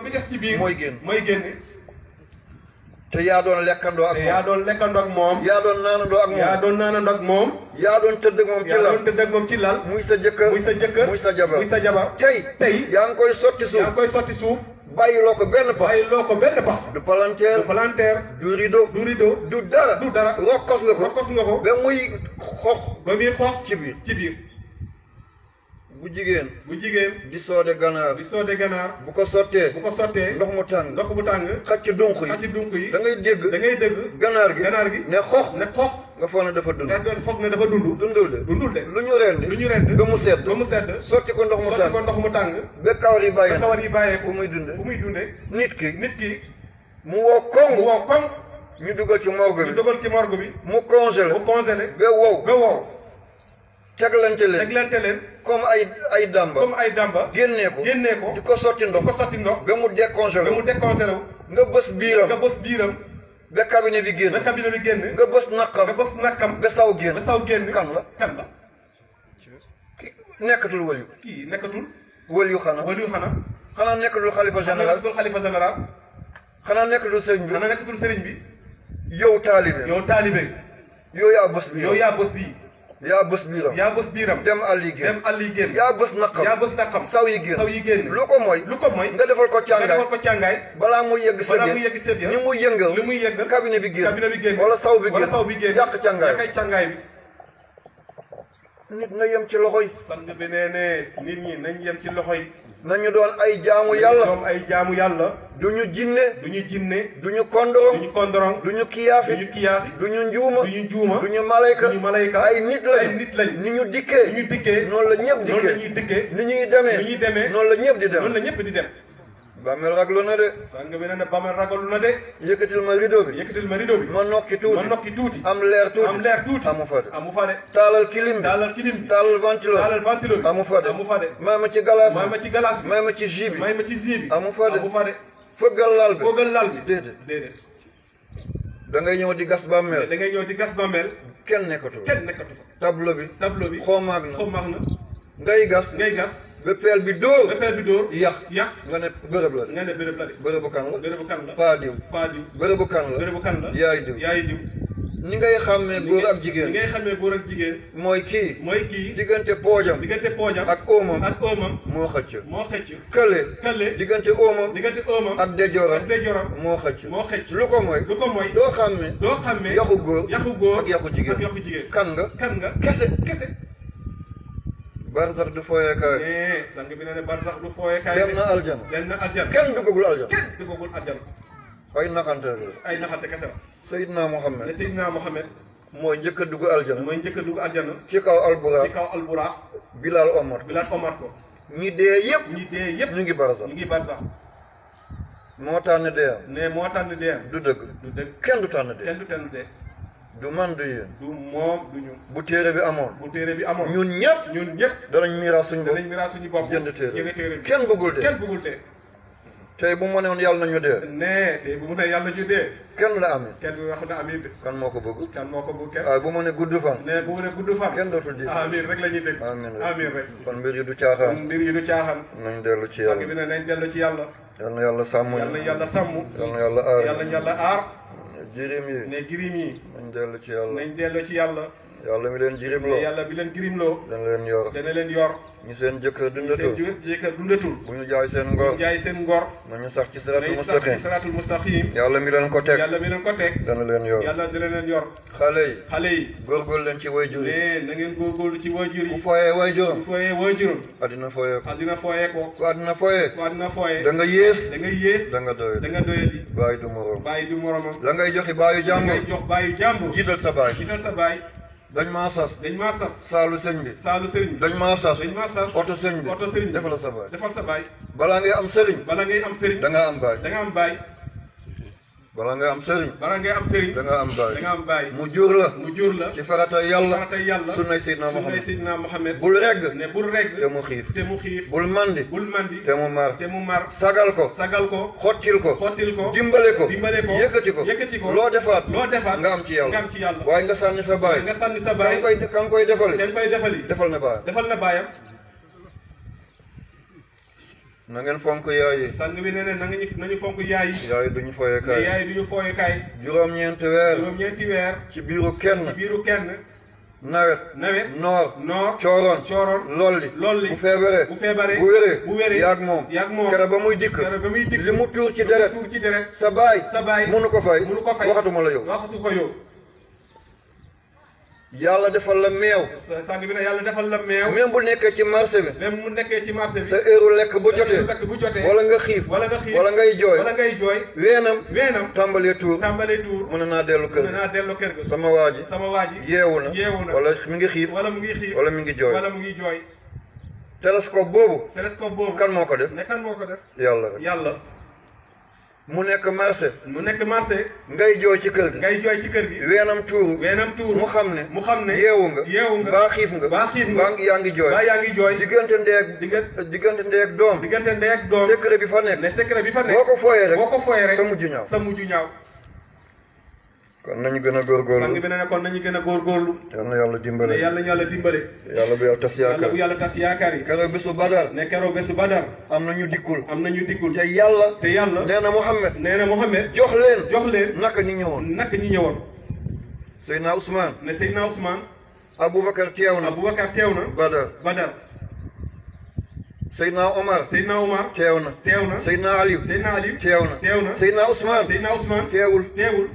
bi des ci biir mooy génn mooy génn. te yaa doon lekkandoo ak moom yaa doon moom. yaa doon naanandoo ak moom yaa doon moom. yaa doon tëdd ak moom ci lal yaa muy sa jëkkër muy sa jëkkër muy sa jabar muy sa tey tey yaa ngi koy sotti suuf koy sotti suuf. bàyyiloo ko benn pax ko benn pax. du palanteer du palanteer. du dara. rokkos nga ko rokkos nga ko. ba muy xox. ba muy xox ci biir ci biir. bu jigéen bu jigéen di soode ganaar di soode ganaar bu ko sottee bu ko sottee ndox mu tàng ndox bu tàng xaj ci dunq yi ci dunq yi dangay ngay dégg da dégg ganaar gi ganaar gi ne xox ne xox nga foog ne dafa dund nga foog ne dafa dund dundul de dundul de lu ñu rendi lu ñu rendi ba mu sedd ba mu sedd sotti ko ndox mu tàng sotti ko ndox mu tàng ba kawar yi bàyyee kawar yi bàyyee fu muy dunde fu muy dunde nit ki nit ki mu woo koŋ mu woo koŋ ñu dugal ci morgue bi ñu dugal ci morgue bi mu congelé mu congelé ba wow ba wow teglante leen leen comme ay ay damba comme ay damba. génnee ko génnee ko di ko sotti ndox di ko sotti ndox. ba mu décongelé wu ba mu décongelé wu. nga bës biiram nga bës biiram. ba cabinet bi génn bi génn. nga bës nakkam nga bës nakkam. ba saw génn ba saw génn. kan la kan la. nekkatul waliyu. kii nekkatul. waliyu xanaa waliyu xanaa. xanaa nekkatul xalifa général xanaa nekkatul xalifa xanaa nekkatul sëriñ bi bi. yow taalibe yow taalibe. yow yaa bës bi yow yaa bës bi. yaa bës biiram yaa bës biiram dem àll yi génn dem àll yi génn yaa bës naqam yaa bës naqam saw yi génn saw yi génn lu ko moy lu ko mooy nga defal ko càngaay nga defal ko càngaay balaa muy yegg sët balaa muy yegg sët li muy yëngal cabinet bi génn cabinet wala saw bi génn wala saw bi génn yàq càngaay yàq nit na yem ci loxo yi. sang bi nee ne nit ñi nañ yem ci loxo yi. nañu doon ay jaamu yàlla ay jaamu yàlla. du ñu jinne du ñu jinne du ñu kondorong du ñu kondorong du ñu kiyaafi du ñu kiyaafi du njuuma du ñu njuuma du ñu malayka du ñu ay nit lañ ay nit lañ ni ñu dikkee ni ñu dikkee noonu la ñëpp dikkee noonu la ñuy dikkee ñuy demee ni demee noonu la ñëpp di dem ñëpp di dem bàmmeel raglu na de. sang bi nee na bàmmeel raglu na de. yëkkatil ma rideau bi. yëkkatil ma ma nokki tuuti. ma nokki tuuti. am leer tuuti. am leer fa de. taalal kilim taalal kilim bi. taalal fa de. may ma ci galaas may ma ci galaas bi. may ma ci jus bi. may ma ci jus fa de. amu fa fëggal laal bi. fëggal ñëw di gas bàmmeel. da ngay ñëw di gas bàmmeel. kenn nekkatu fa. kenn nekkatu fa. tableau bi. tableau bi xoomaag na. gas. ngay gas. ba peel bi dóor ba peel bi nga ne bërëb la de nga ne bërëb la de bërëbu kan la bërëbu kan la paa diw paa kan la bërëbu yaay diw yaay diw ni ngay xàmmee góor ak jigéen ni ngay xàmmee góor ak jigéen mooy kii mooy kii diggante poojam diggante poojam ak óomam ak óomam moo xëcc moo xëcc kële kële diggante óomam diggante óomam ak déjoram ak déjoram moo xëcc moo xëcc lu ko mooy lu ko mooy doo xàmmee doo xàmmee yaxu góor yaxu góor ak yaxu jigéen ak yaxu jigéen nga kan nga kese kese barsax eh, du fooyee kaay. eh sang bi ne ne barsax du fooyee kaay. dem na aljana dem na aljana. kenn duggagul aljana ay naxante ay naxante kese la. ne Seydina Mohamed. mooy njëkk a dugg aljana. mooy njëkk a ci kaw alburax ci kaw alburax. Bilal Omar Bilal Omar ko. ñi dee yëpp ñi dee yëpp ñu ngi barsax ñu ngi barsax. moo tànn dee. mais moo tànn dee. du dëgg du dëgg kenn du tànn kenn du tànn dee. du man du yéen. du moom du ñu. bu téere bi amoon. bu téere bi amoon ñun ñëpp. ñun ñëpp danañ miiraas suñu bopp danañ miiraas suñu bopp jënd téere jënd téere kenn bëggul dee kenn bëggul dee. tey bu mu mënoon yàlla nañu dee. nee tey bu mu ne yàlla nañu dee. kenn la amee. kenn wax na amiin de. kan moo ko bëgg. kan moo ko bëgg kenn. waaye bu mu ne gudd fan. nee bu mu ne gudd fan. kenn dootul ji. amiin rek la ñuy dégg. rek kon mbir yi du caaxaan. kon mbir yi du caaxaan. nañ dellu ci yàlla. sànq bi ne nañ dellu ci yàlla. yàlla yàlla sàmm. yàlla yàlla sàmm. yàlla yàlla aar yàlla jirim yi ne jirim yi nañ dellu ci yàlla nañ dellu ci yàlla yàlla mi leen jirimloo yàlla bi leen jirimloo dana leen yor dana leen yor ñu seen jëkkër dundatul ñu seen jëkkër dundatul bu ñu jaay seen ngor jaay seen ngor nañu sax ci siraatul mustaqim sax ci siraatul mustaqim yàlla mi leen ko teg yàlla mi leen ko teg yor yàlla yi xale yi góorgóorlu leen ci wayjur yi na ngeen góorgóorlu ci wayjur yi ku fooyee wayjuram addina fooyee ko ko addina fooyee ku addina fooyee da nga da nga yées da nga du moroom bàyyi du ngay joxe baayu jàmbur ngay jox baayu jàmbur. jiital sa baay jiital sa baay. dañ maa sas. dañ maa sas. saalu sëñ bi. saalu sëñ bi. dañ maa oto sëñ oto sëñ bi defal ngay am sëriñ. balaa da nga am baay. bala nga am sëriñ bala ngay am sëriñ da nga am baay baay mu jur la mu jur la ci farata yàlla farata yàlla sunnay Seydina Mohamed sunnay Seydina Mohamed bul regg ne bul regg te mu xiif te mu xiif bul mandi bul mandi te mu mar sagal ko sagal ko xottil ko xottil ko dimbale ko dimbale ko yëkkati ko yëkkati ko loo defaat loo defaat nga am ci yàlla nga am ci yàlla waaye nga sànni sa baay nga sànni koy ka nga koy defali na baayam defal na baayam na ngeen fonk yooyu sang bi nee na na ngeen nañu fonk yaay yooyu du ñu fooyee kaay yaay ñu fooyee kaay juróom ñeen weer ñeenti weer ci biiru kenn biiru kenn nawet nawet noor noor cooroon cooroon lolli lolli bu feebaree bu feebaree bu wéree bu wéree yaag moom yaag moom kere ba muy dikk kere ba muy li mu tuur ci deret tuur ci sa baay sa baay mënu ko fay mënu ko fay la yow waxatu ko yow yàlla defal la meew. sang bi nag yàlla defal la meew. même bu nekkee ci marché bi. même mu nekkee ci sa heure lekk bu jotee. lekk bu jotee wala nga xiif. wala wala ngay jooy. wala ngay jooy. weenam. weenam tàmbalee tuur. tàmbalee tuur mën naa dellu kër. mën naa dellu kër ga. sama waa ji. sama waa ji yeewu na. yeewu na wala mi ngi xiif. wala mu ngi xiif wala mi ngi jooy. wala mu ngi jooy. télescope boobu. télescope boobu kan moo ko def. ne moo ko def. yàlla yàlla. mu nekk marché. mu nekk marché. ngay jooy ci kër gi. ngay ci kër gi. weenam tuuru. weenam tuuru mu xam ne. mu xam ne yeewu nga. yeewu nga baa xiif nga. baa xiif nga baa yaa ngi jooy. baa yaa ngi jooy. diggante ndeeg. diggante ndeeg doom. diggante ndeeg doom. secret bi fa nekk. ne secret bi fa nekk. boo ko fooyee rek. boo ko fooyee rek sa mujj ñaaw. sa mujj ñaaw. kon na ñu gën a góorgóorlu sang bi ne kon gën a góorgóorlu yal na yàlla dimbale yal yàlla dimbale yàlla bu yàlla tas yaakaar yàlla bu yàlla tas yaakaar yi keroog bésu badar ne keroog bésu badar am nañu dikkul am na ñu dikkul te yàlla te yàlla nee na Mouhamed nee na Mouhamed jox leen jox leen naka ñi ñëwoon naka ñi ñëwoon Seydina Ousmane ne Seydina Ousmane Aboubacar teew na Aboubacar teew na badar badar Seydina Omar Seydina Omar teew na teew na Seydina Aliou Seydina Aliou teew na teew na Seydina Ousmane Seydina Ousmane teewul teewul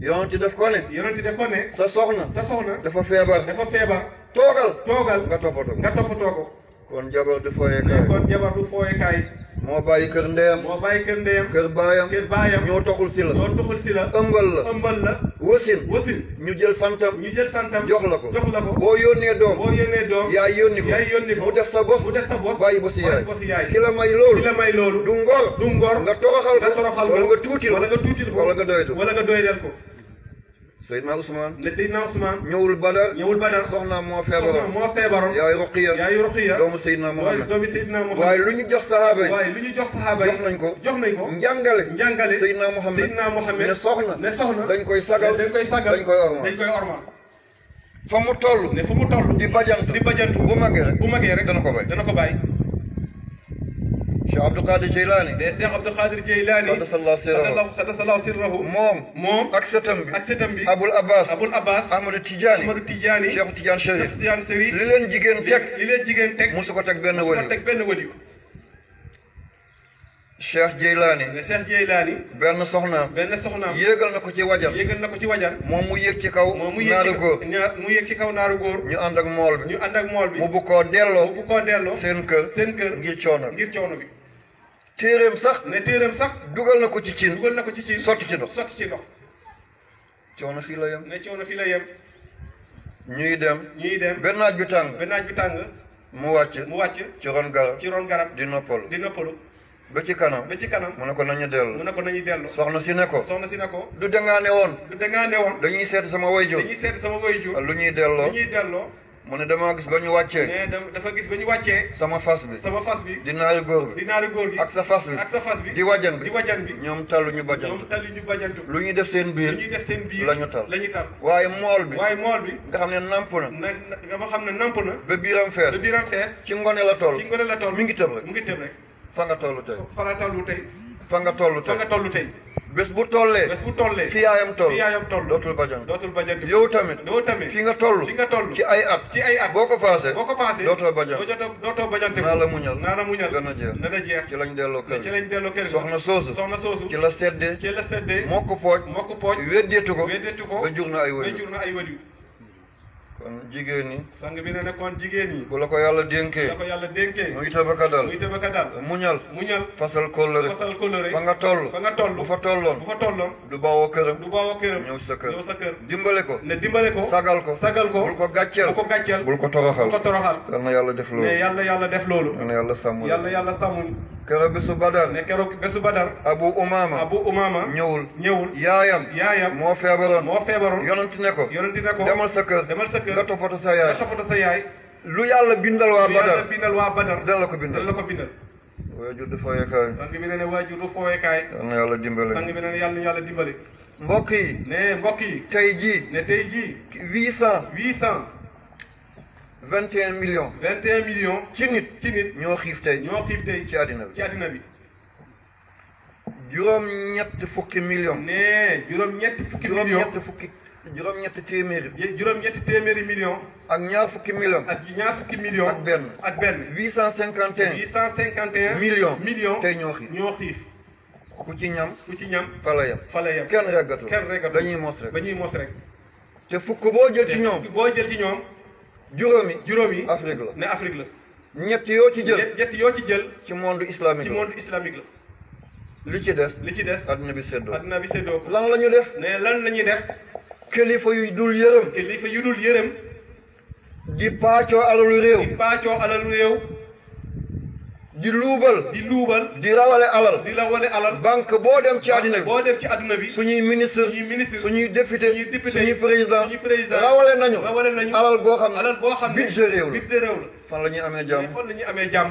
yonent daf ko ne. yonent daf ko ne. sa soxna. sa soxna dafa feebar. dafa feebar. toogal. toogal nga toppatoo nga toppatoo ko. kon jabar du fooyee kaay. kon jabar du fooyee kaay. moo bàyyi kër ndeyam. moo bàyyi kër ndeyam. kër baayam. kër baayam ñoo toxul si la. ñoo toxul si la. ëmbal la ëmbal la. wasin. ñu jël santam. ñu jël santam jox la ko. jox la ko boo yónnee doom. boo yónnee doom. yaay yónni ko yaay ko. mu def sa bos. mu def sa bos bàyyi bosi yaay. ki la may loolu. du ngor. du ngor nga toroxal ko. nga toroxal wala nga tuutil. wala nga tuutil ko wala nga doydel. ko. Seydina Ousmane ne Seydina Ousmane ñëwul Badar ñëwul Badar soxna moo feebaroon moo feebaroon yaay Ruqiya yaay Ruqiya doomu Seydina Muhammad waaye lu ñu jox sahaaba yi ñu jox sahaaba yi jox nañ ko jox nañ ko njàngale njàngale Seydina Muhammad Seydina Muhammad ne soxna ne soxna dañ koy sagal dañ koy sagal dañ koy ormal dañ koy ormal fa mu toll ne fa mu toll di bajantu di bajantu bu magee rek bu magee rek dana ko dana ko bàyyi Cheikh Abdul Qadir Jeylaani. de Cheikh Abdul Qadir Jeylaani. moom. moom ak sëtam bi. Abul Abbas. Abul Abbas. Amadou Tidiane. Amadou Tidiane. Cheikh Tidiane Chérif. Cheikh Tidiane Chérif. li leen jigéen teg. li ko teg benn wëliw. musu ko teg benn wëliw. Cheikh Jeylaani. ne Cheikh Jeylaani. benn soxnaam. benn soxnaam. yéegal na ko ci wajan. yéegal na ko ci wajal moom mu yéeg ci kaw. moom mu yéeg ci kaw ñaar mu yéeg ci kaw naaru góor. ñu ànd ak mool bi. ñu ànd mool bi. mu bu delloo. mu delloo. seen kër. seen kër ngir coono bi. ngir coono bi. téereem sax ne téereem sax dugal na ko ci cin dugal na ko ci cin sotti ci ndox sotti ci ndox coono fii la yem ne coono fii la yem ñuy dem ñuy dem ba naaj bi tàng ba naaj bi tàng mu wàcc mu wàcc ci ron garab ci ron garab di noppalu di noppalu ba ci kanam ba ci kanam mu ne ko nañu dellu mu ne ko nañu dellu soxna si ne ko soxna si ne ko du dangaa ne woon du dangaa ne woon dañuy seet sama wayjur dañuy seet sama wayjur lu ñuy delloo lu delloo mu ne damaa gis ba ñu wàccee. mais dafa gis ba ñu wàccee. sama fas bi sama fas bi. di naari góor bi di naari góor ak sa fas bi sa fas bi. di wajan bi di wajan bi. ñoom tallu ñu bajantu ñoom tallu ñu lu ñuy def seen biir lu seen biir la ñu tal waaye mool bi waaye mool bi. nga xam ne namp na. na nga ma xam ne namp na. ba biiram fees ba ci ngone la toll ci ngone la mi ngi tëb rek. mi ngi tëb rek. fa nga toll tey. fa nga toll tey. fa nga toll tey. bés bu tollee bés bu tollee fi yaayam toll fi yaayam toll dootul bajan dootul bajan yow tamit yow tamit fi nga toll fi nga toll ci ay at ci ay at boo ko paasee boo ko paasee dootoo bajan dootoo bajan naa la muñal naa la muñal dana jeex dana jeex ci lañ delloo kër ci lañ delloo kër soxna soosu soxna soosu ci la seddee ci la seddee moo ko pooj moo ko pooj weddeetu ko weddeetu ko ba jur na ay wëyu ba jur na ay wëyu kon jigéen ñi. sang bi ne ne kon jigéen ñi. bu ko yàlla dénkee. la ko yàlla dénkee. muy tabaka dal muy tabaka dal. muñal. muñal fasal kóllëre. fasal kóllëre. fa nga toll. fa nga toll bu fa tolloon. bu fa tolloon. du bawoo këram. du bawoo këram. ñëw sa kër ñëw sa kër. dimbale ko. ne dimbale ko. sagal ko sagal ko. bul ko gàcceel bul ko gàcceel. bul ko toroxal bul ko toroxal. yal na yàlla def loolu. mais yal yàlla def loolu. yal na yàlla sàmm. yal keroog bésu badar ne keroog bésu badar abu umaama abu umaama ñëwul ñëwul yaayam yaayam moo feebaroon moo feebaroon yonent ne ko yonent ne ko demal sa kër demal sa kër sa yaay lu yàlla bindal waa badar lu yàlla bindal waa badar dana la ko bindal dana la ko bindal waajur sang bi ne ne waajur du fooyekaay yal na yàlla dimbale sang bi ne ne yàlla na yàlla dimbale mbokk yi ne mbokk yi tey jii ne tey jii huit cent huit cent vingt et un millions. vingt et un millions. ci nit ci ñoo xiif tey ñoo xiif tey ci àddina bi ci àddina ñett fukki million nee juróom-ñett fukki. millions juróom-ñett fukki. juróom-ñett téeméeri. juróom ak ñaar fukki million ak ñaar fukki ak benn ak cent cinquante et cent cinquante et un. millions millions. tey ñoo xiif ñoo xiif. ku ci ñam. ku ci ñam. fa la yem fa la yem. kenn reggatul kenn reggatul mos rek. te fukk boo jël ci boo jël ci ñoom. juróomi juróom yi Afrique la ne Afrique la. ñett yoo ci jël ñett yoo ci jël. ci monde islamique la ci monde islamique li ci des. li ci des adduna bi séddoo. adduna bi lan la ñu def. ne lan la ñuy def. kilifa yu dul yërëm. kilifa yu dul yërëm. di paacoo alalu réew. di paacoo alalu réew. di luubal di luubal di rawale alal di rawale alal banque boo dem ci àddina bi boo dem ci àddina bi suñuy ministre su ñuy suñuy député suñuy député suñuy président suñuy président rawale nañu rawale nañu alal boo xam ne alal boo xam ne budget réew la budget fan la ñuy amee jàmm fan la ñuy amee jàmm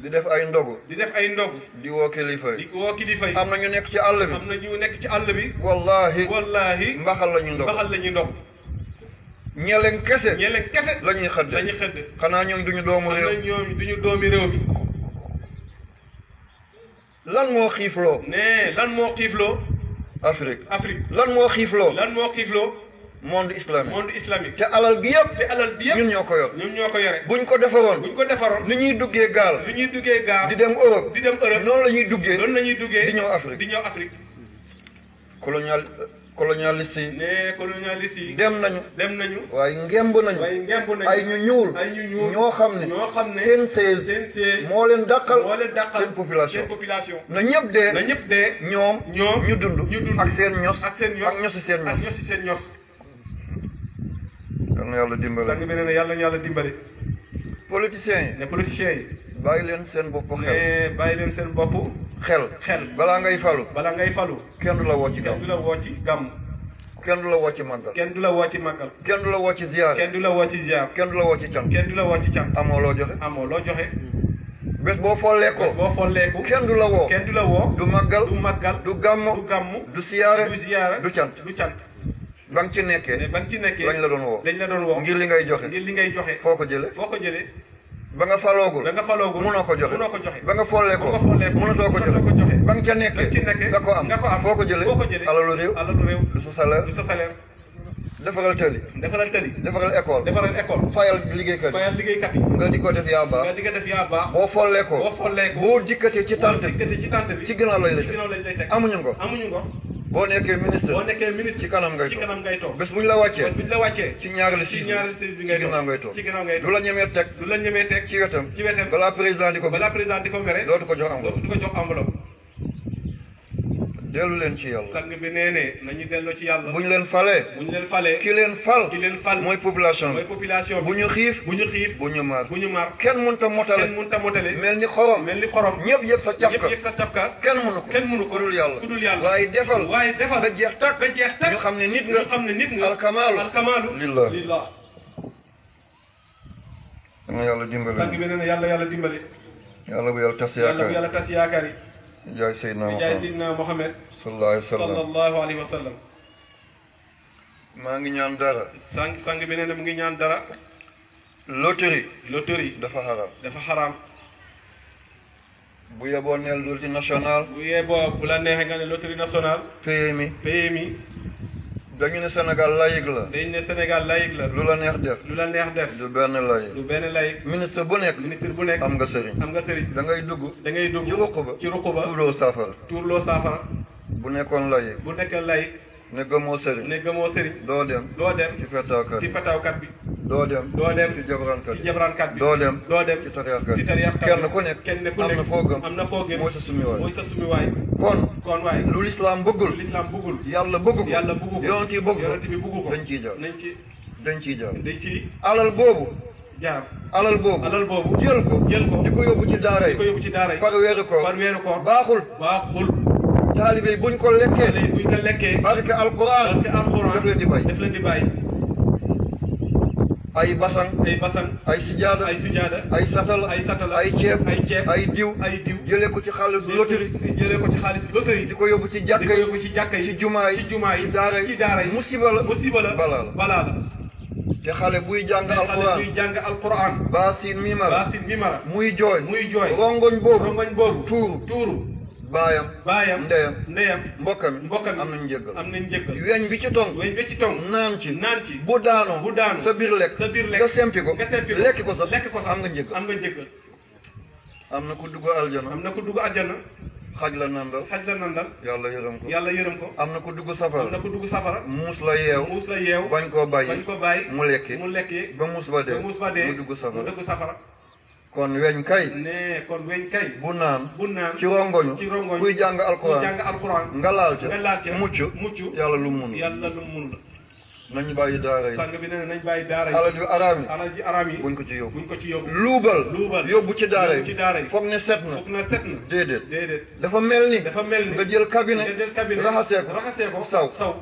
di def ay ndogu di def ay ndogu di woo kilifa yi woo kilifa am na ñu nekk ci àll bi am na ñu nekk ci àll bi wallaahi wallaahi mbaxal la ñuy ndog mbaxal la ñuy ndog ñeleen kese. ñeleen kese la ñuy xëdd. la ñuy xëdd xanaa ñoom duñu doomu réew. xanaa ñoom duñu doomi réew mi. moo xiifloo. nee lan moo xiifloo. Afrique Afrique. lan moo xiifloo. lan moo xiifloo. monde islamique monde islamique. te alal bi yëpp. te alal bi yëpp ñun ñoo ko yor. ñoo ko yore. buñ ko defaroon. buñ ko defaroon ni ñuy duggee gaal. ni ñuy duggee gaal. di dem Europe. di dem Europe noonu la ñuy duggee. noonu la ñuy duggee di ñëw Afrique di ñëw Afrique. colonial. colonialiste yi. les yi. dem nañu. dem nañu. waaye ngemb nañu. waaye ngemb ay ñu ñuul. ay ñoo xam ne. ñoo xam ne seen sees. moo leen dàqal. moo dàqal seen population. na ñëpp dee. na ñëpp dee. ñoom. ñoom ñu dund. ñu dund ak seen ños. ak seen ños ak ñosi seen ños. ak ñosi seen ños. yal na yàlla dimbale. sànq bi yàlla na yàlla dimbale. politiciens yi. ne politiciens yi. bàyyi leen seen bopp xel. mais bàyyi leen seen bopp. xel xel balaa ngay falu. balaa ngay falu. kenn du la woo ci gàmm kenn du la woo ci gàmm. kenn du la woo ci màggal. kenn du la woo ci màggal. kenn du la woo ci ziar. kenn du la woo ci ziar. kenn la woo ci can. kenn du la woo ci can. amoo loo joxe. amoo loo joxe. bés boo folleeku. bés boo folleeku. kenn du la woo. kenn du la woo. du màggal du màggal. du gàmm du gàmm. du siyaare du siyaare du can du can. ba ci nekkee mais ba nga ci nekkee lañ la doon woo lañ la doon woo ngir li ngay joxe ngir li ngay ko jëlee foo ko jëlee ba nga faloogul ba nga ko joxe mënoo ko joxe ba nga ko joxe ba nga ca nekkee ci nekkee nga ko am nga ko foo ko jëlee foo ko jëlee alalu réew alalu réew lu sa salaire lu sa salaire defaral tëli defaral tëli defaral école defaral école fayal liggéeykat yi fayal liggéeykat yi nga ko def yaa nga def yaa baax boo follee ko boo follee ko boo dikkatee ci tànt boo dikkatee ci tànt bi ci ginnaaw lañ lay teg amuñu ko amuñu ko boo nekkee ministre boo nekkee ministre ci kanam ngay toog ci kanam ngay la wàccee bés bu ñu la wàccee ci ñaareelu siis ci ñaareelu siis bi ngay toog ci ginnaaw ngay toog ci ginnaaw ngay toog du la ñemee teg du la ñemee teg ci wetam balaa président di ko balaa président di ko jox enveloppe dellu leen ci yàlla. sang bi nee ne nañu delloo ci yàlla. bu ñu leen falee. ñu leen falee. ki leen leen fal mooy population bi. population bu ñu xiif. bu ñu xiif bu ñu bu ñu maar kenn mënut a motale. kenn mënut a motale. mel ni xorom mel ni xorom. ñëpp yëg sa cafka ñëpp kenn mënu ko kenn mënu ko dul yàlla. ku dul yàlla waaye defal. waaye defal ba jeex tàkk. xam ne nit nga. ñu xam ne nit nga alkamaalu. alkamaalu lillah lillah. dama yàlla dimbale. sang bi nee na yàlla yàlla dimbale. yàlla bu yàlla tas yaakaar yàlla bu yàlla tas di jaay Seydina Mohamed di jaay Seydina Mohamed. sallallahu maa ngi ñaan dara. sang sang bi nee mu ngi ñaan dara. loterie. loterie dafa xaraam. dafa xaraam. bu yeboo neel loterie national bu yeboo bu la neexee nga ne loterie nationale. dañu ne Sénégal laïque la. dañu ne Sénégal laïque la. lu la neex def. lu la neex def. du benn laïque. du benn laïque. ministre bu nekk. ministre bu nekk am nga sëriñ. am nga sëriñ. da ngay dugg. da ngay dugg ci ruq ba. ci ruq ba tuurloo saafara. tuurloo saafara. bu nekkoon laïque. bu nekkoon laïque. ne gëmoo sëriñ. ne gëmoo sëriñ. doo dem. doo dem ci fetaawkat bi ci fetaawkat bi. doo dem doo dem ci jabaraankat doo dem doo dem ci tariyaankat ci tariyaankat kenn ku nekk kenn ku nekk am na foo sa sumi waay mooy sa sumi waay kon kon waay lu lislaam bëggul lu lislaam bëggul yàlla bëggu ko yàlla dañ ciy jaar dañ ci dañ ciy jaar dañ ci alal boobu jaar alal boobu alal boobu jël ko jël ko di ko yóbbu ci daara yi di ko yóbbu ci daara yi par weeru koor par weeru koor baaxul baaxul taalibe buñ ko lekkee buñ ko lekkee barke alquran barke alquran daf leen di bàyyi daf leen di bàyyi ay basan ay basan ay ay sijaada ay satal ay satal ay ceeb ay ceeb ay diw ay diw jëlee ko ci xaalis loterie jëlee ko ci xaalis loterie di ko yóbbu ci jàkka yi yóbbu ci jàkka yi ci jumaa yi ci jumaa yi daara yi musiba la musiba te xale buy jàng alquran te xale buy mimara muy jooy muy jooy rongoñ boobu tuuru tuuru baayam baayam ndeyam ndeyam mbokkam mbokkam am nañ njëggal am nañ njëggal weñ bi ci tong weñ bi ci tong naan ci naan ci bu daanoo bu daanoo sa biir lekk sa biir lekk nga sempi ko nga sempi ko lekk ko sa lekk ko am nga njëggal am nga njëggal am na ko dugg aljana am na ku dugg aljana xaj la nandal xaj la nandal yàlla yërëm ko yàlla yërëm ko am na ko dugg safara am na ko dugg safara muus la yeew muus yeew bañ koo bàyyi koo bàyyi mu lekki mu lekki ba muus ba dee mu dugg safara mu dugg safara kon weñ kay. ne kon weñ kay. bu naan. bu naan ci rongoñu. ci rongoñu kuy jàng al kuy jàng alquran. nga laal ca. nga mucc. mucc yàlla lu mu mun. yàlla lu mu mun la. bàyyi daara yi sàng bi nee nañ bàyyi daara yi alal ju araam yi yi buñ ko ci yóbbu buñ ko ci yóbbu luubal luubal yóbbu ci daara yi ci daara yi set na foog na set déedéet déedéet dafa mel ni dafa mel ni nga jël cabinet nga jël cabinet raxasee ko raxasee ko saw saw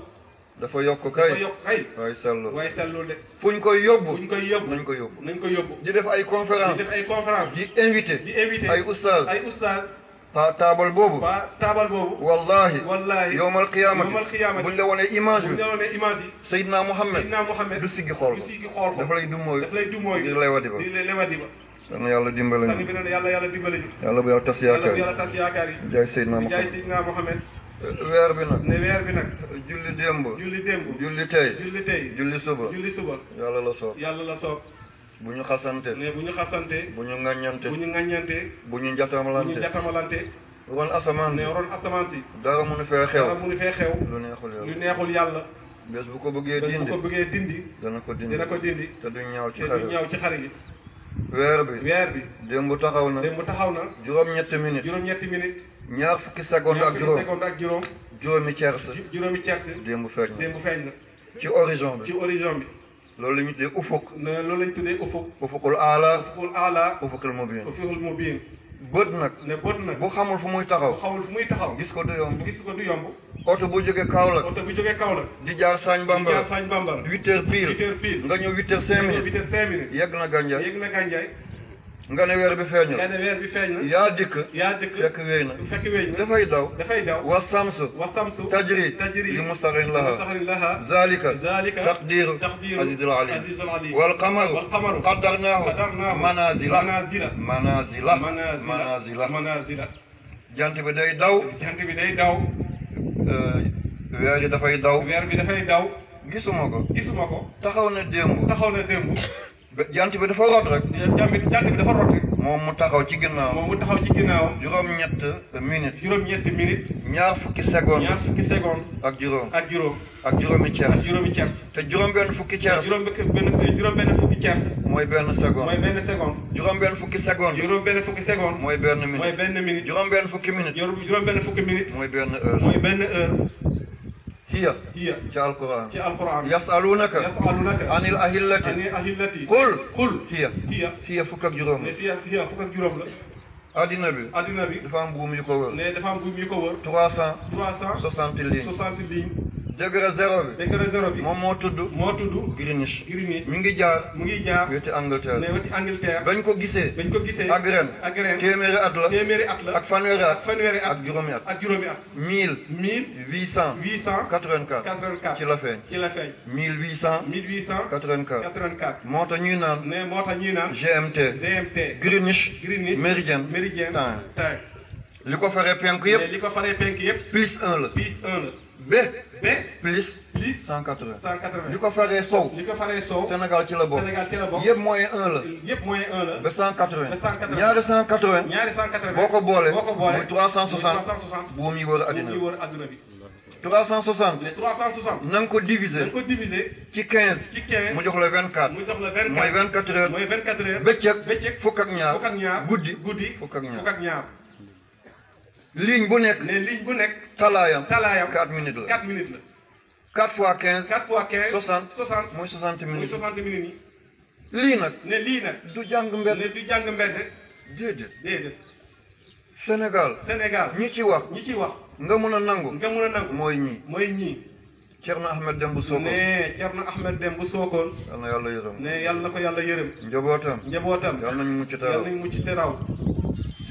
dafa yokk kay dafa yokk kay. waay sellu waay sellu de. fuñ koy yóbbu fuñ koy yóbbu nañ ko yóbbu. nañ ko yóbbu. di def ay conférence di def ay conférence di invité di invité ay oustaz ay oustaz. pa taabal boobu. pa taabal boobu. wallaahi. wallaahi yowmal qiyaamati yowmal qiyaamati buñ la wanee image bi buñ la wanee image yi. Seydina Mohamed Seydina Mohamed du siggi xool ko du siggi xool ko. dafa lay dummooyu dafa lay dummooyu di lewati ba di lewati ba. dana yàlla dimbale ñu. sànni bi dana yàlla yàlla dimbale ñu. yàlla bu yàlla tas yaakaar yi yàlla bu yàlla tas yaakaar yi. jaay Seydina Mohamed jaay Seydina Mohamed. weer bi nag. ne weer bi nag. julli démb. julli démb. julli tey. julli suba. yàlla la soob. yàlla la soob. bu ñu xasante. ne bu ñu xasante. bu ñu ŋaññante. bu ñu bu ñu njatamalante. bu ñu njatamalante. ron asamaan si. ne ron asamaan si. dara mënu fee xew. dara mënu fee xew. lu neexul yàlla lu neexul yàlla. bés bu ko bëggee dindi ko bëggee dindi. dana ko dindi dana ko dindi. te du ñaaw ci xar yi te du ñaaw ci xar weer bi weer bi. démb taxaw na démb taxaw na. juróom-ñetti minutes juróom-ñetti minutes. ñaar fukki seconde ak juróom ak juróom. juróomi cerse. juróomi cerse. démb feeñ na démb feeñ na. ci horizon bi ci bi. loolu la ñuy tuddee ufuk. loolu la ñuy tuddee ufuk. ufukul aala. ufukul aala. ufukul mubin. ufukul mubin. bët nag. ne bët nag bu xamul fu muy taxaw. bu xamul fu muy taxaw. gis ko du yomb gis ko yomb. oto bu jógee Kaolack. oto bu jógee Kaolack. di jaar Sagne Bambara di jaar Sagne Bambara. huit heures pile. huit heures nga ñëw huit heures cinq minutes. nga ñëw huit yegg na Gandiaye yegg nga ne weer bi feeñ na nga ne weer bi feeñ na. yaa dikk yaa dikk fekk wéy na. fekk wéy na dafay daw. dafay daw wa samsu. wa samsu tajri. tajri li mustaqirin laha. mustaqirin laha. zalika. zalika taqdiru. taqdiru azizul alim. azizul alim. wal qamaru. wal qamaru qaddarnaahu. qaddarnaahu manazila. manazila. manazila. manazila. manazila. jant bi day daw. jant bi day daw. Euh, weer bi dafay daw. weer bi dafay daw. gisuma ko. gisuma ko. taxaw na démb. taxaw na démb. jant bi dafa rot rek. jant bi dafa rot rek. moom mu taxaw ci ginnaaw. moom mu taxaw ci ginnaaw. juróom-ñett minute. juróom-ñett minute. ñaar fukki seconde. ñaar fukki seconde. ak juróom ak juróom. ak juróomi ceers. ak juróomi ceers. te juróom-benn fukki ceers. juróom-benn fukki ceers. mooy benn seconde. mooy benn seconde. juróom-benn fukki seconde. juróom-benn fukki seconde. mooy benn minute. mooy benn minute. juróom-benn fukki minute. juróom-benn fukki minute. mooy benn heure. mooy benn heure. هي هي في القرآن في القرآن يسألونك يسألونك عن الأهلة عن الأهلة قل قل هي هي هي فكك جرم هي هي فكك جرم addina bi addina bi dafa am buum yu ko wër. ne dafa am buum yu ko wër. trois cent. trois cent soixante lignes soixante lignes. degré zéro bi. degré zéro bi moom moo tudd. moo tudd Greenwich. Greenwich mi ngi jaar. mu ngi jaar wetu Angleterre. ne wetu Angleterre. bañ ko gisee. bañ ko gisee ak ren. ak ren téeméeri at la. téeméeri at la ak fanweeri at. fanweeri at ak juróomi at. ak juróomi at. mille. mille huit cent. huit cent quatre-vingt-quatre. quatre-vingt-quatre ci la feeñ. ci la feeñ. mille huit cent. mille huit cent quatre-vingt-quatre. quatre-vingt-quatre moo tax ñuy naan. ne moo tax ñuy naan. GMT. GMT. Greenwich. Greenwich Meridian. Meridian time. li ko faree penk yëpp. li ko faree penk yëpp. plus un la. plus un la. ba. mais plus. plus 180 180. li ko faree sow. Sénégal ci la bokk Sénégal ci la bokk. yëpp moyen 1 la. yëpp moyen 1 la. ba 180. ba 180 ñaari 180. ñaari 180 boo ko boole. boo ko boole muy 360. 360 buum yi wër adduna yi wër adduna bi. 360. mais 360. na ko diviser. ci 15. mu jox la 24. mu jox la 24 mooy fukk ak ñaar guddi. guddi fukk ak ñaar. ligne bu nekk. ne bu nekk. talaayam talaayam 4 minutes la 4 minutes la. 4 fois 15. 4 fois 15 60. 60 mooy 60 minutes. mooy 60 lii nag. ne lii nag. du jàng mbedd. ne du jàng mbedd. déedéet. déedéet. Sénégal. Sénégal ñi ci wax. ñi ci wax. nga mun a nangu. nga mun a nangu mooy ñii. mooy ñii. Thierno Ahmed Demba Sokone. nee Thierno Ahmed Demba Sokone. yal na yàlla yërëm. nee yal na ko yàlla yërëm. njabootam. njabootam yal nañu mucc teraw yal mucc teraw.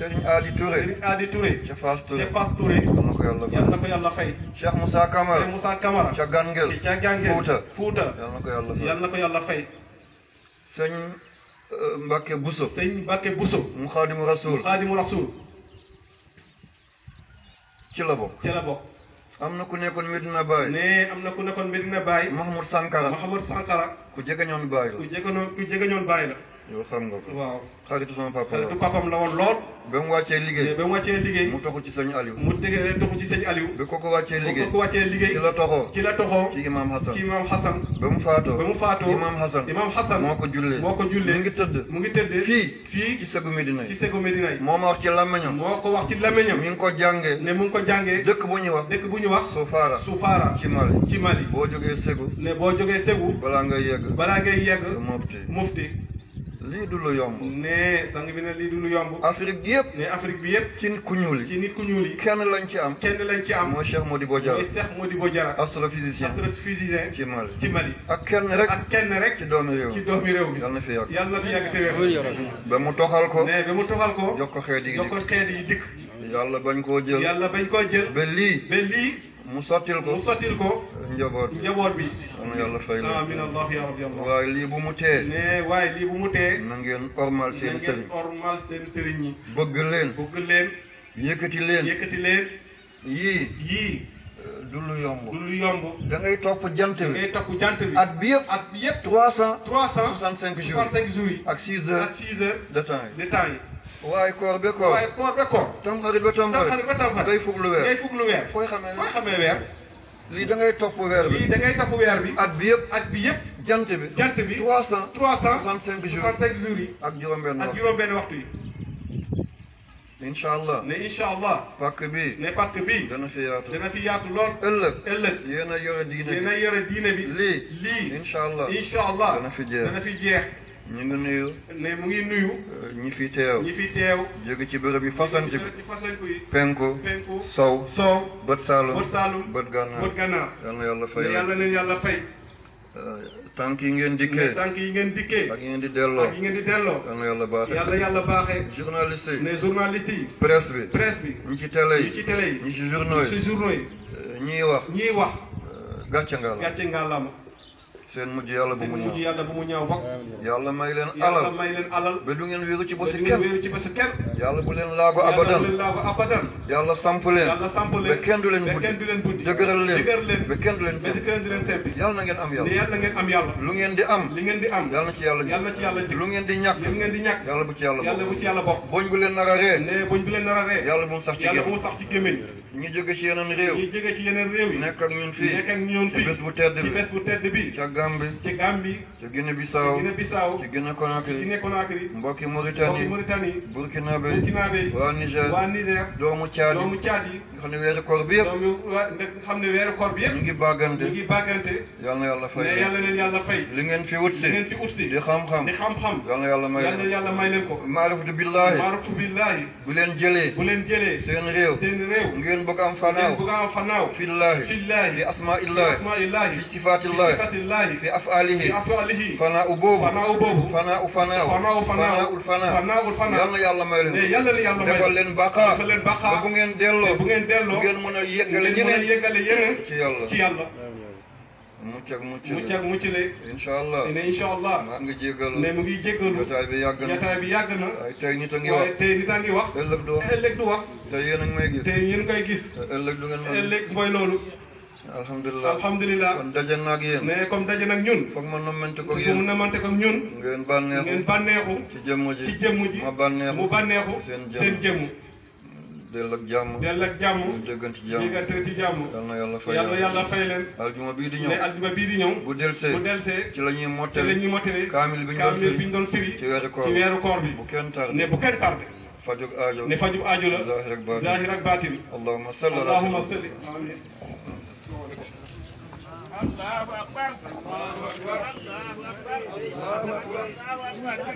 Serigne Ali Touré Serigne Ali Touré. Cheikh Fass Touré Cheikh Fass Touré. yal na ko yàlla fay yal na ko yàlla fay. Cheikh Moussa Camara Cheikh Moussa Camara. ca ca Gangel Fouta yal na ko yàlla fay yal na ko yàlla fay. sëñ euh, Mbacke Bousso. sëñ Mbacke Bousso. mu xaadimu rasul ci la ci la am na ku nekkoon Medina Baye. nee am na ku nekkoon Medina Baye. Mahmoud Sankara Mahmoud Sankara. ku jege ñoon Baye la. yow xam nga ko waaw xaritu sama papa la xaritu papam la woon lool ba mu wàccee liggéey ba mu wàccee liggéey mu toxu ci sëñ Aliou mu dëgg toxu ci sëñ Aliou ba kooku wàccee liggéey kooku wàccee liggéey ci la toxoo ci la toxoo ci imam Hassan ci imam Hassan ba mu faatoo ba mu faatoo imam Hassan imam Hassan moo ko jullee moo ko jullee mu ngi tëdd mu ngi tëdd fii fii ci segu Medina ci segu Medina yi moo ma wax ci làmmiñam moo ko wax ci làmmiñam mi ngi ko jàngee ne mu ngi ko jàngee dëkk bu ñuy wax dëkk bu ñu wax Soufara Soufara ci Mali ci Mali boo jógee segu ne boo jógee balaa ngay yegg balaa ngay yegg mufti mufti lii du lu yomb. ne sang bi lii lu yomb. Afrique bi yëpp. ne Afrique bi yëpp. ci nit ku ñuul yi. ci ku kenn lañ ci am. kenn lañ ci am. mooy Cheikh Modibo Diarra. mooy Cheikh Modibo Diarra. astrophysicien astrophysicien. ci Mali ci Mali. ak kenn rek. ak kenn rek. ci doomi réew mi ci na fi yàgg yal na fi yàgg te ba mu toxal ko. ne mu toxal ko. jox ko xeet yi dikk jox ko xeet yi dikk. yàlla bañ koo jël. yàlla bañ koo jël. ba lii. ba lii. mu sottil ko mu sottil ko. njaboot njaboot bi am yàlla fay la amin allah ya rabbi allah waaye lii bu mu tee ne waaye lii bu mu tee na ngeen ormal seen sëriñ na ngeen ormal seen sëriñ ñi bëgg leen bëgg leen yëkkati leen yëkkati leen yii yii du lu yomb du lu yomb da ngay topp jant bi da ngay topp jant bi at bi yëpp at bi yëpp trois cent trois cent soixante-cinq jours soixante-cinq jours yi ak six heures ak six heures de temps yi de temps yi waaye koor be koor waaye koor be koor tam xarit ba tam xarit tam xarit ba tam xarit day fukk lu weer day fukk lu weer fooy xamee weer fooy xamee weer lii da ngay topp weer bi lii da ngay topp weer bi. at bi yëpp at bi yëpp. jant bi bi trois cent. trois cent soixante cinq jours soixante yi. ak juróom-benn waxtu ak juróom-benn waxtu yi. incha allah ne incha allah. pàcc bi ne pàcc bi. dana fi yaatu fi yaatu lool. ëllëg ëllëg. yéen a yore diine bi yéen a yore diine lii incha allah incha allah dana fi jeex dana fi jeex. ñu ngi nuyu. ne mu ngi nuyu. Euh, ñi fi teew. ñi fi teew. jóge ci bërëb yi fasanti bi. penku. penku sow. sow bët saalum. bët saalum bët gànnaar. bët gànnaar. yal na yàlla fay yal na leen yàlla fay. Euh, tànk yi ngeen dikkee tànk yi ngeen dikkee. ak yi ngeen di delloo ak yi ngeen di delloo. yal na yàlla baaxee yal na yàlla baaxee. journaliste yi ne journaliste yi. presse bi presse bi. ñi ci télé yi ñi ci télé yi. ñi ci journaux yi ñi ci journaux yi. Euh, ñiy wax ñiy wax. gàcce ngalaama gàcce ngalaama. seen mujj yàlla bu mu ñaaw seen mujj yàlla bu mu ñaaw bokk. yàlla may leen alal ci bosi kenn du ngeen wéeru ci bosi kenn. kenn du leen buddi ba kenn du leen buddi. dëgëral leen dëgëral leen ba kenn du am yàlla. yàlla na lu ngeen di am. li ngeen di am yàlla na ci yàlla. na ci yàlla ji lu ngeen di ñàkk. di ñàkk yàlla bu ci yàlla bokk. yàlla bu ci a a ree. yàlla bu ñu jóge ci yeneen réew. ñu ci yeneen réew yi. nekk ak ñun fii. nekk ak ñun fii ci bés bu tedd bi. ci bés bu tedd bi. ca Gambie. ci Gambie. ca Guinée Bissau. Guinée Bissau. ci Guinée Conakry. mbokki Mauritanie. mbokki Mauritanie. waa Niger. waa doomu Tchad yi. doomu Tchad yi. nga xam ne weeru koor bi yëpp. doomu waa xam ne weeru koor bi yëpp. ñu ngi bàggante. ñu ngi bàggante. yal na yàlla fay. mais yal na leen yàlla fay. li ngeen fi wut si. li ngeen fi wut si. di xam-xam. di xam-xam. yal na yàlla may إن بقى فناو إن بقى فناو في الله في الله في أسماء الله في أسماء الله في صفات الله في صفات الله في أفعاله في أفعاله فناء بوب فناء بوب فناء فناء فناء فناء الفناء فناء الفناء يلا يلا ما لين يلا يلا ما defal leen baqaa defal leen baqaa bu ngeen delloo bu ngeen delloo ngeen mën a yëggale yeneen yëggale yeneen ci yàlla ci yàlla mucc ak mucc mucc ak mucc le incha allah ne incha allah maa ngi jégalu ne mu ngi jégalu jotaay bi yàgg na jotaay bi yàgg na waaye tey nit a ngi wax tey nit a ngi wax ëllëg du wax ëllëg du wax tey yéen a ngi may gis tey yéen ngay gis ëllëg du ngeen ëllëg mooy loolu alhamdulilah alhamdulilah kon daje na ak yéen mais comme daje na ak ñun foog ma namante ko ak yéen mu namante ko ak ñun ngeen bànneexu ngeen bànneexu ci jëmm ji ci jëmm ji ma bànneexu mu bànneexu seen jëmm dell ak jàmm dell ak jàmm ñu déggante aljuma bii di ñëw ne bu delsee bu delsee ci la ñuy mottali ci ñuy mottali kaamil bi ñu doon firi bi ñu doon firi ci weeru bu kenn ne bu kenn tardé fajug aajo ne fajug aajo la zahir ak